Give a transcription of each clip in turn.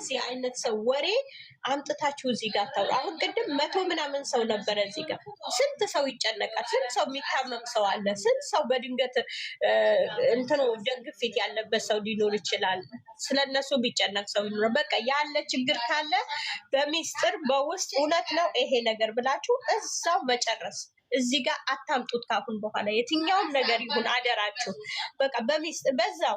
እንደዚህ አይነት ሰው ወሬ አምጥታችሁ እዚህ ጋር ታው አሁን ቅድም መቶ ምናምን ሰው ነበረ እዚህ ጋር። ስንት ሰው ይጨነቃል፣ ስንት ሰው የሚታመም ሰው አለ፣ ስንት ሰው በድንገት እንትኖ ደም ግፊት ያለበት ሰው ሊኖር ይችላል። ስለነሱ ቢጨነቅ ሰው ይኖረ በቃ ያለ ችግር ካለ በሚስጥር በውስጥ እውነት ነው ይሄ ነገር ብላችሁ እዛው መጨረስ እዚህ ጋር አታምጡት። ካሁን በኋላ የትኛውም ነገር ይሁን አደራችሁ፣ በቃ በሚስጥር በዛው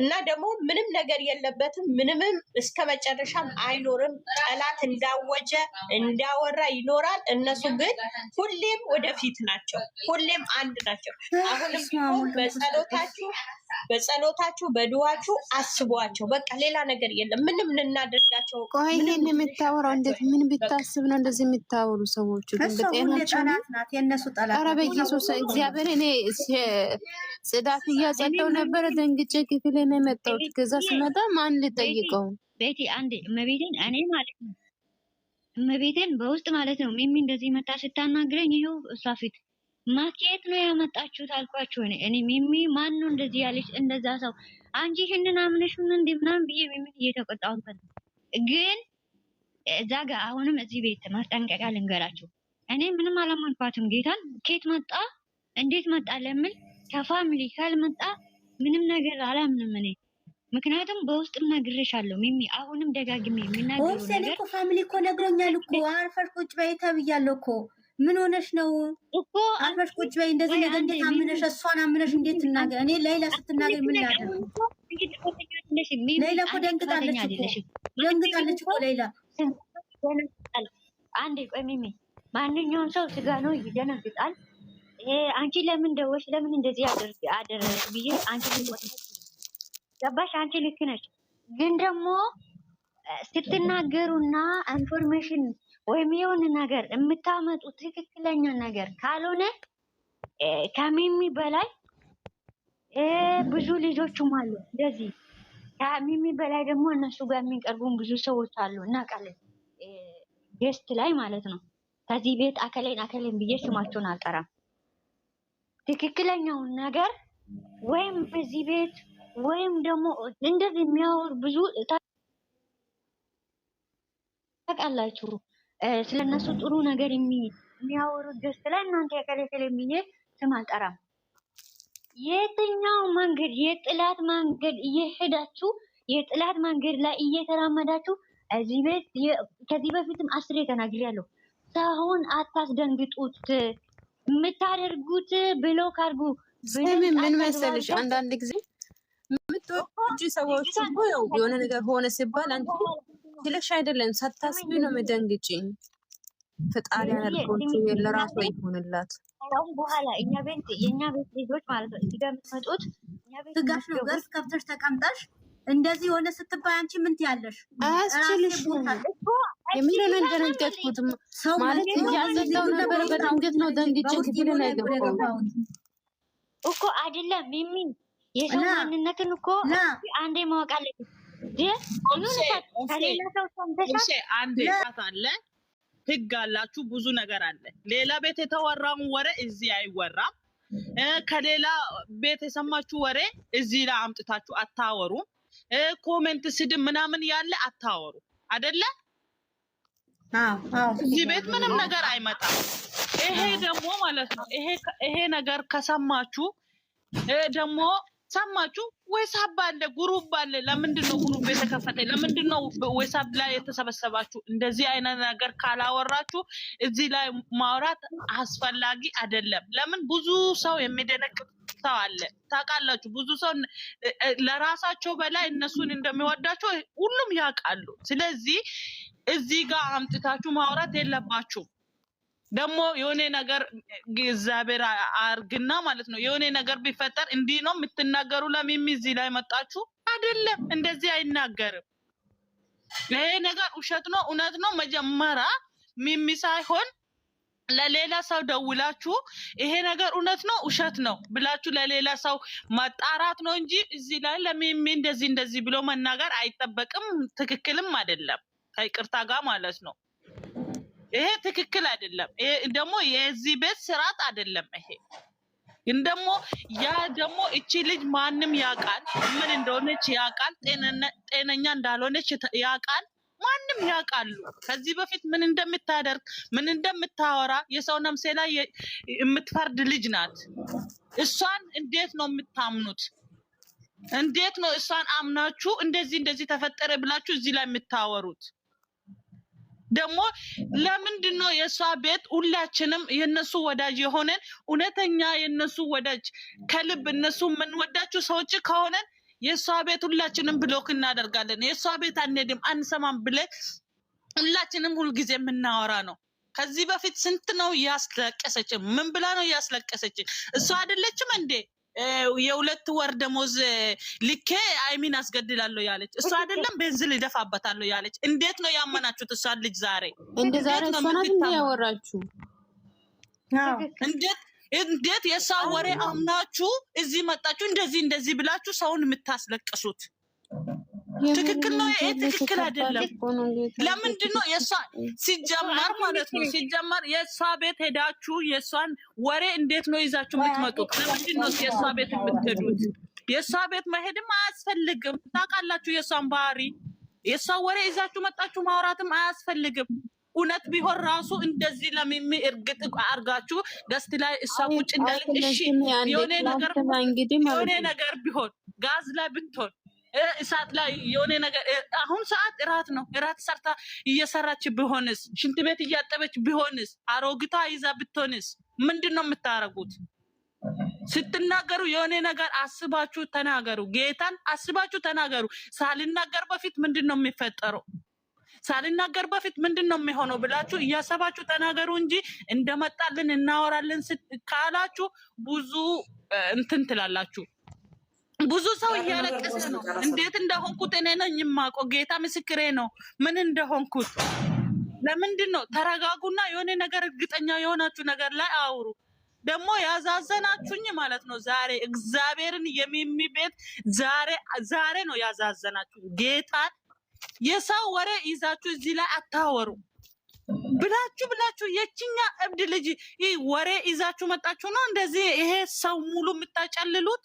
እና ደግሞ ምንም ነገር የለበትም፣ ምንምም እስከ መጨረሻም አይኖርም። ጠላት እንዳወጀ እንዳወራ ይኖራል። እነሱ ግን ሁሌም ወደፊት ናቸው፣ ሁሌም አንድ ናቸው። አሁንም ቢሆን በጸሎታችሁ በጸሎታችሁ በድዋችሁ አስቧቸው። በቃ ሌላ ነገር የለም። ምንም እናደርጋቸው። ቆይ ይሄን የምታወራው እንዴት? ምን ብታስብ ነው እንደዚህ የምታወሩ ሰዎች? ኧረ በኢየሱስ እግዚአብሔር እኔ ጽዳት እያጸዳሁ ነበረ ደንግጬ ክፍል ነው የመጣሁት። ከዛ ስመጣ ማን ልጠይቀው? ቤቴ አንድ መቤቴን እኔ ማለት ነው መቤቴን በውስጥ ማለት ነው ሚሚ እንደዚህ መታ ስታናግረኝ ይኸው እሷ ፊት ማኬት ነው ያመጣችሁት አልኳችሁ። እኔ እኔ ሚሚ ማን ነው እንደዚህ ያለች እንደዛ ሰው አንቺ ይሄንን አምነሽ ምን እንደ ምናምን ብዬ ሚሚ እየተቆጣሁን ፈል ግን እዛ ጋር አሁንም እዚህ ቤት ማስጠንቀቂያ ልንገራችሁ። እኔ ምንም አላማንኳትም። ጌታን ኬት መጣ እንዴት መጣ ለምን ከፋሚሊ ካልመጣ ምንም ነገር አላምንም እኔ ምክንያቱም በውስጥ ነግሬሻለሁ ሚሚ፣ አሁንም ደጋግሜ የሚናገሩ ነገር ፋሚሊ እኮ ነግሮኛል እኮ አርፈሽ ቁጭ በይ ተብያለሁ እኮ ምን ሆነሽ ነው እኮ አልፈሽ ቁጭ በይ። እንደዚህ ነገር እንዴት አምነሽ እሷን አምነሽ እንዴት ትናገር? እኔ ሌላ ስትናገር ምን ያደር ሌላ እኮ ደንግጣለች እኮ ደንግጣለች እኮ ሌላ አንዴ ቆይ ሚሚ፣ ማንኛውም ሰው ስጋ ነው ይደነግጣል። ይሄ አንቺ ለምን ደወሽ? ለምን እንደዚህ አደረግ ብዬ አንቺ ገባሽ? አንቺ ልክ ነሽ፣ ግን ደግሞ ስትናገሩና ኢንፎርሜሽን ወይም የሆነ ነገር የምታመጡ ትክክለኛ ነገር ካልሆነ ከሚሚ በላይ ብዙ ልጆችም አሉ። እንደዚህ ከሚሚ በላይ ደግሞ እነሱ ጋር የሚቀርቡን ብዙ ሰዎች አሉ እና ጌስት ላይ ማለት ነው። ከዚህ ቤት አከሌን አከሌን ብዬ ስማቸውን አልጠራም። ትክክለኛውን ነገር ወይም በዚህ ቤት ወይም ደግሞ እንደዚህ የሚያወሩ ብዙ ታውቃላችሁ። ስለነሱ ጥሩ ነገር የሚያወሩት ገስት ላይ እናንተ የከለከለ የሚዬ ስም አልጠራም። የትኛው መንገድ የጥላት መንገድ እየሄዳችሁ የጥላት መንገድ ላይ እየተራመዳችሁ እዚህ ቤት ከዚህ በፊትም አስሬ ተናግሬያለሁ። ሰውን አታስደንግጡት። የምታደርጉት ብሎክ አድርጉ። ምን መሰልሽ አንዳንድ ጊዜ የምትወጪ ሰዎች የሆነ ነገር ሆነ ሲባል አንቺ ብለሽ አይደለም ሳታስቢ ነው መደንግጪ። ፈጣሪ ያደርገው ለራሱ ይሆንላት። አሁን በኋላ እኛ ቤት የእኛ ቤት ልጆች ማለት ነው እዚጋ የምትመጡት ትጋሽ ነው። ገርስ ከብተሽ ተቀምጠሽ እንደዚህ የሆነ ስትባይ አንቺ ምን ትያለሽ? አያስችልሽ። የምር ነው ሰው ማለት እያዘለው ነበር። በድንገት ነው ደንግጭ ክፍል ላይ ገባሁት እኮ አይደለም ሚሚ የሰው ማንነትን እኮ አንዴ ማወቅ አለብን። አንድ አለ፣ ህግ አላችሁ፣ ብዙ ነገር አለ። ሌላ ቤት የተወራውን ወሬ እዚህ አይወራም። ከሌላ ቤት የሰማችሁ ወሬ እዚህ ላይ አምጥታችሁ አታወሩም። ኮሜንት፣ ስድብ ምናምን ያለ አታወሩ አደለ? እዚህ ቤት ምንም ነገር አይመጣም። ይሄ ደግሞ ማለት ነው ይሄ ነገር ከሰማችሁ ደግሞ ሰማችሁ? ወይሳብ አለ ጉሩብ አለ። ለምንድን ነው ጉሩብ የተከፈተ? ለምንድን ነው ወይሳብ ላይ የተሰበሰባችሁ? እንደዚህ አይነት ነገር ካላወራችሁ እዚህ ላይ ማውራት አስፈላጊ አይደለም። ለምን ብዙ ሰው የሚደነግጥ ሰው አለ። ታውቃላችሁ፣ ብዙ ሰው ለራሳቸው በላይ እነሱን እንደሚወዳቸው ሁሉም ያውቃሉ። ስለዚህ እዚህ ጋር አምጥታችሁ ማውራት የለባችሁም። ደግሞ የሆነ ነገር እግዚአብሔር አርግና ማለት ነው። የሆነ ነገር ቢፈጠር እንዲህ ነው የምትናገሩ። ለሚሚ እዚህ ላይ መጣችሁ አይደለም፣ እንደዚህ አይናገርም። ይሄ ነገር ውሸት ነው እውነት ነው። መጀመሪያ ሚሚ ሳይሆን ለሌላ ሰው ደውላችሁ ይሄ ነገር እውነት ነው ውሸት ነው ብላችሁ ለሌላ ሰው ማጣራት ነው እንጂ እዚህ ላይ ለሚሚ እንደዚህ እንደዚህ ብሎ መናገር አይጠበቅም። ትክክልም አይደለም ከይቅርታ ጋር ማለት ነው። ይሄ ትክክል አይደለም። ይሄ ደግሞ የዚህ ቤት ስርዓት አይደለም። ይሄ ግን ደግሞ ያ ደግሞ እቺ ልጅ ማንም ያውቃል፣ ምን እንደሆነች ያውቃል፣ ጤነኛ እንዳልሆነች ያውቃል። ማንም ያውቃሉ። ከዚህ በፊት ምን እንደምታደርግ ምን እንደምታወራ የሰው ነምሴ ላይ የምትፈርድ ልጅ ናት። እሷን እንዴት ነው የምታምኑት? እንዴት ነው እሷን አምናችሁ እንደዚህ እንደዚህ ተፈጠረ ብላችሁ እዚህ ላይ የምታወሩት? ደግሞ ለምንድን ነው የእሷ ቤት ሁላችንም የእነሱ ወዳጅ የሆነን እውነተኛ የእነሱ ወዳጅ ከልብ እነሱ የምንወዳችሁ ሰዎች ከሆነን የእሷ ቤት ሁላችንም ብሎክ እናደርጋለን። የእሷ ቤት አንሄድም፣ አንሰማም ብለን ሁላችንም ሁልጊዜ የምናወራ ነው። ከዚህ በፊት ስንት ነው እያስለቀሰችን ምን ብላ ነው እያስለቀሰችን እሷ አይደለችም እንዴ? የሁለት ወር ደሞዝ ልኬ አይሚን አስገድላለሁ ያለች እሷ አይደለም፣ ቤንዝል ይደፋበታለሁ ያለች። እንዴት ነው ያመናችሁት? እሷ ልጅ ዛሬ ያወራችሁ። እንዴት እንዴት የእሷ ወሬ አምናችሁ እዚህ መጣችሁ? እንደዚህ እንደዚህ ብላችሁ ሰውን የምታስለቅሱት ትክክል ነው። ይሄ ትክክል አይደለም። ለምንድን ነው የእሷ ሲጀመር ማለት ነው ሲጀመር የእሷ ቤት ሄዳችሁ የእሷን ወሬ እንዴት ነው ይዛችሁ የምትመጡት? ለምንድን ነው የእሷ ቤት የምትሄዱት? የእሷ ቤት መሄድም አያስፈልግም። ታውቃላችሁ የእሷን ባህሪ። የእሷ ወሬ ይዛችሁ መጣችሁ ማውራትም አያስፈልግም። እውነት ቢሆን ራሱ እንደዚህ ለሚሚ እርግጥ አርጋችሁ ገስት ላይ እሷ ቁጭ እንዳለች እሺ፣ የሆነ ነገር ቢሆን ጋዝ ላይ ብትሆን እሳት ላይ የሆነ ነገር አሁን ሰዓት እራት ነው። እራት ሰርታ እየሰራች ቢሆንስ? ሽንት ቤት እያጠበች ቢሆንስ? አሮግታ ይዛ ብትሆንስ? ምንድን ነው የምታረጉት? ስትናገሩ የሆነ ነገር አስባችሁ ተናገሩ። ጌታን አስባችሁ ተናገሩ። ሳልናገር በፊት ምንድን ነው የሚፈጠረው? ሳልናገር በፊት ምንድን ነው የሚሆነው ብላችሁ እያሰባችሁ ተናገሩ እንጂ እንደመጣልን እናወራለን ካላችሁ ብዙ እንትን ትላላችሁ። ብዙ ሰው እያለቀሰ ነው። እንዴት እንደሆንኩት እኔ ነኝ የማውቀው። ጌታ ምስክሬ ነው ምን እንደሆንኩት። ለምንድን ነው ተረጋጉና የሆነ ነገር እርግጠኛ የሆናችሁ ነገር ላይ አውሩ። ደግሞ ያዛዘናችሁኝ ማለት ነው ዛሬ እግዚአብሔርን የሚሚ ቤት ዛሬ ዛሬ ነው ያዛዘናችሁ። ጌታን የሰው ወሬ ይዛችሁ እዚህ ላይ አታወሩ ብላችሁ ብላችሁ የችኛ እብድ ልጅ ወሬ ይዛችሁ መጣችሁ ነው እንደዚህ ይሄ ሰው ሙሉ የምታጨልሉት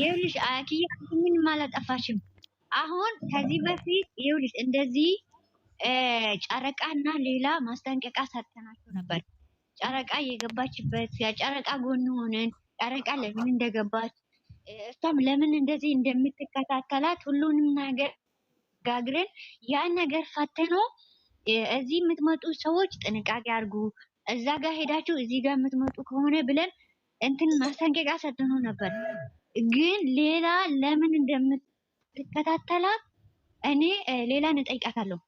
ይኸውልሽ አያክዬ ምንም አላጠፋሽም። አሁን ከዚህ በፊት ይኸውልሽ እንደዚህ ጨረቃና ሌላ ማስጠንቀቂያ ሰጥተናቸው ነበር። ጨረቃ የገባችበት የጨረቃ ጎን ሆነን ጨረቃ ለምን እንደገባች እሷም ለምን እንደዚህ እንደምትከታተላት ሁሉንም ነገር ጋግረን ያን ነገር ፈተኖ እዚህ የምትመጡ ሰዎች ጥንቃቄ አድርጉ፣ እዛ ጋር ሄዳችሁ እዚህ ጋር የምትመጡ ከሆነ ብለን እንትን ማስጠንቀቂያ ሰጥተነው ነበር። ግን ሌላ ለምን እንደምትከታተላት እኔ ንጠይቃት እጠይቃታለሁ።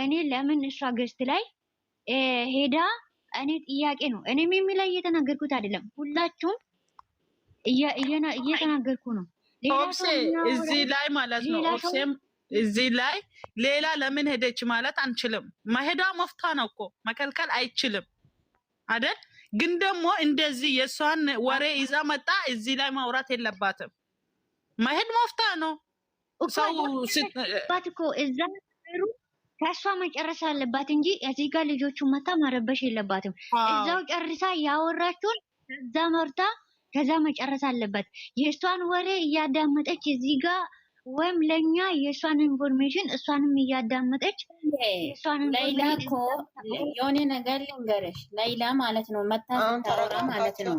እኔ ለምን እሷ ገዝት ላይ ሄዳ እኔ ጥያቄ ነው። እኔም የሚላይ እየተናገርኩት አይደለም፣ ሁላችሁም እየተናገርኩ ነው። ኦብሴ እዚህ ላይ ማለት ነው። ኦብሴም እዚህ ላይ ሌላ ለምን ሄደች ማለት አንችልም። መሄዷ መፍቷ ነው እኮ መከልከል አይችልም አደል? ግን ደግሞ እንደዚህ የእሷን ወሬ ይዛ መጣ እዚህ ላይ ማውራት የለባትም። መሄድ መፍታ ነው። ሰውባት እኮ እዛ ሩ ከእሷ መጨረስ አለባት እንጂ እዚህ ጋር ልጆቹ መታ ማረበሽ የለባትም። እዛው ጨርሳ ያወራችሁን ከዛ መርታ ከዛ መጨረስ አለባት። የእሷን ወሬ እያዳመጠች እዚህ ጋር ወይም ለእኛ የእሷን ኢንፎርሜሽን እሷንም እያዳመጠች ላይላ እኮ የሆነ ነገር ልንገርሽ፣ ላይላ ማለት ነው መታ ስታወራ ማለት ነው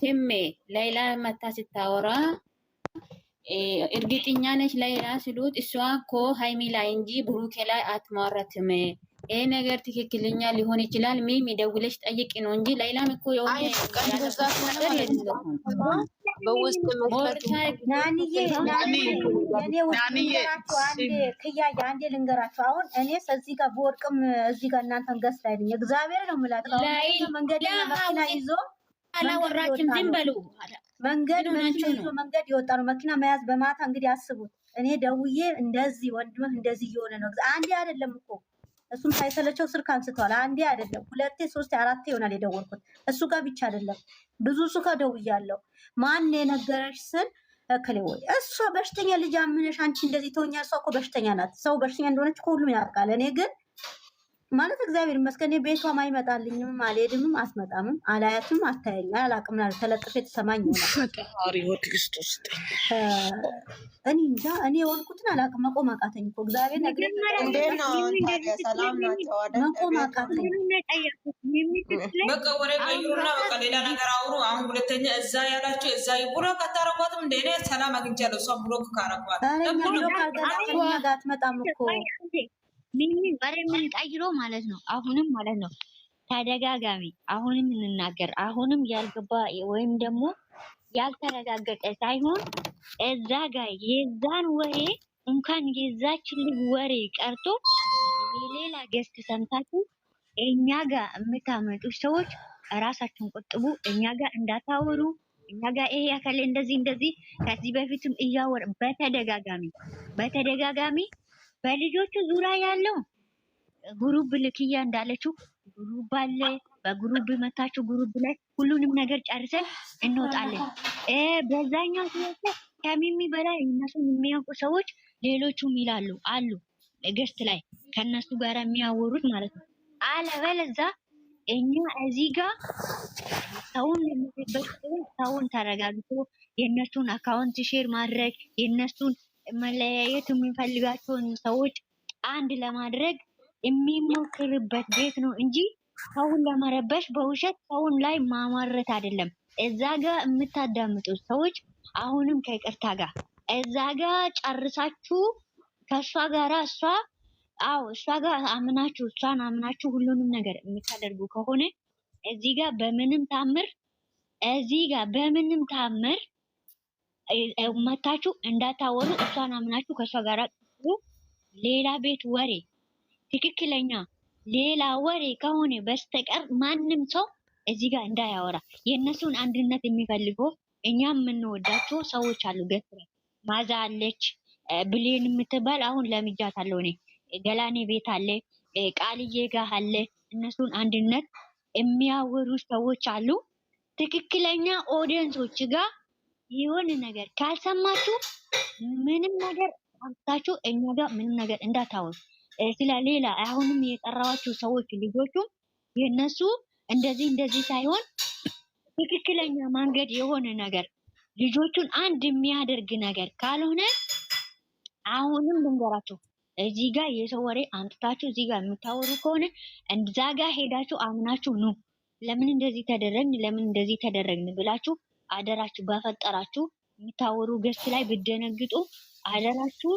ስሜ ላይላ መታ ስታወራ እርግጠኛ ነች ላይላ ስሉት፣ እሷ እኮ ሀይሚ ላይ እንጂ ብሩኬ ላይ አትማረትም። ይህ ነገር ትክክለኛ ሊሆን ይችላል። ሚም ይደውለሽ ጠይቂ ነው እንጂ ላይላም እኮ የሆነ ነገር የለም በውስጥ ክያየ አንዴ ልንገራቸው። አሁን እኔ እዚህ ጋር በወርቅም እዚህ ጋር እናንተን ገስ ላይ ነኝ። እግዚአብሔር ነው የምላቸው መንገድ መኪና ይዞ አላወራችም። ዝም በሉ መንገድ ይዞ መንገድ የወጣ ነው መኪና መያዝ በማታ እንግዲህ አስቡት። እኔ ደውዬ እንደዚህ ወንድምህ እንደዚህ እየሆነ ነው አንዴ አይደለም እኮ እሱም ሳይሰለቸው ስልክ አንስተዋል። አንዴ አይደለም ሁለቴ፣ ሶስቴ፣ አራቴ ይሆናል የደወልኩት እሱ ጋር ብቻ አይደለም ብዙ እሱ ጋር ደውያለሁ። ማን የነገረሽ ስል እክሌ ወይ እሷ በሽተኛ ልጅ አምነሽ አንቺ እንደዚህ ተውኛ። እሷ እኮ በሽተኛ ናት። ሰው በሽተኛ እንደሆነች ሁሉም ያውቃል። እኔ ግን ማለት እግዚአብሔር ይመስገን ቤቷም አይመጣልኝም፣ አልሄድምም፣ አስመጣምም፣ አላያትም፣ አታየኝ፣ አላቅም። ተለጥፌ የተሰማኝ እኔ እንጃ እኔ የሆንኩትን አላቅም። መቆም አቃተኝ እኮ እግዚአብሔር ነገር መቆም ሁለተኛ እዛ ያላቸው እዛ ሰላም አግኝቻለሁ። ምን ምን ወሬ ምን ቀይሮ ማለት ነው። አሁንም ማለት ነው ተደጋጋሚ አሁንም እንናገር አሁንም ያልገባ ወይም ደግሞ ያልተረጋገጠ ሳይሆን እዛ ጋር የዛን ወሬ እንኳን የዛችን ልጅ ወሬ ቀርቶ የሌላ ገስት ሰምታችሁ እኛ ጋር የምታመጡ ሰዎች ራሳችሁን ቆጥቡ። እኛ ጋር እንዳታወሩ። እኛ ጋር ይሄ ያከለ እንደዚህ እንደዚህ ከዚህ በፊትም እያወረ በተደጋጋሚ በተደጋጋሚ በልጆቹ ዙሪያ ያለው ጉሩብ ልክያ እንዳለችው ጉሩብ አለ። በጉሩብ መታችሁ ጉሩብ ላይ ሁሉንም ነገር ጨርሰን እንወጣለን። በዛኛው ሲወጣ ከሚሚ በላይ እነሱ የሚያውቁ ሰዎች ሌሎቹም ይላሉ አሉ ገስት ላይ ከነሱ ጋር የሚያወሩት ማለት ነው። አለበለዛ እኛ እዚህ ጋር ሰውን ሰውን ተረጋግቶ የእነሱን አካውንት ሼር ማድረግ የእነሱን መለያየት የሚፈልጋቸውን ሰዎች አንድ ለማድረግ የሚሞክርበት ቤት ነው እንጂ ሰውን ለመረበሽ በውሸት ሰውን ላይ ማማረት አይደለም። እዛ ጋር የምታዳምጡት ሰዎች አሁንም ከይቅርታ ጋር እዛ ጋር ጨርሳችሁ ከእሷ ጋራ እሷ አዎ እሷ ጋር አምናችሁ እሷን አምናችሁ ሁሉንም ነገር የምታደርጉ ከሆነ እዚህ ጋር በምንም ታምር እዚህ ጋር በምንም ታምር መታችሁ እንዳታወሩ። እሷን አምናችሁ ከእሷ ጋር ሌላ ቤት ወሬ ትክክለኛ ሌላ ወሬ ከሆነ በስተቀር ማንም ሰው እዚህ ጋር እንዳያወራ። የእነሱን አንድነት የሚፈልገው እኛ የምንወዳቸው ሰዎች አሉ። ገትረ ማዛ አለች፣ ብሌን የምትባል አሁን ለምጃት አለው እኔ ገላኔ ቤት አለ፣ ቃልዬ ጋር አለ። እነሱን አንድነት የሚያወሩ ሰዎች አሉ። ትክክለኛ ኦዲየንሶች ጋር የሆነ ነገር ካልሰማችሁ ምንም ነገር አምታችሁ እኛ ጋር ምንም ነገር እንዳታወሩ። ስለሌላ አሁንም የጠራዋችሁ ሰዎች ልጆቹም የነሱ እንደዚህ እንደዚህ ሳይሆን ትክክለኛ መንገድ የሆነ ነገር ልጆቹን አንድ የሚያደርግ ነገር ካልሆነ አሁንም ልንገራችሁ፣ እዚህ ጋር የሰው ወሬ አምጥታችሁ እዚህ ጋር የምታወሩ ከሆነ እንዛ ጋር ሄዳችሁ አምናችሁ ኑ ለምን እንደዚህ ተደረግን፣ ለምን እንደዚህ ተደረግን ብላችሁ አደራችሁ በፈጠራችሁ የምታወሩ ገስ ላይ ብደነግጡ አደራችሁ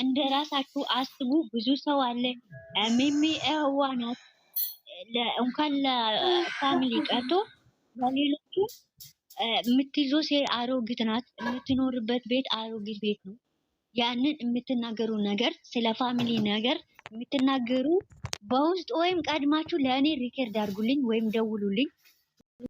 እንደ ራሳችሁ አስቡ። ብዙ ሰው አለ። ሚሚ እህዋ ናት። እንኳን ለፋሚሊ ቀርቶ ለሌሎቹ የምትይዞ ሴት አሮጊት ናት። የምትኖርበት ቤት አሮጊት ቤት ነው። ያንን የምትናገሩ ነገር ስለ ፋሚሊ ነገር የምትናገሩ በውስጥ ወይም ቀድማችሁ ለእኔ ሪከርድ አድርጉልኝ ወይም ደውሉልኝ።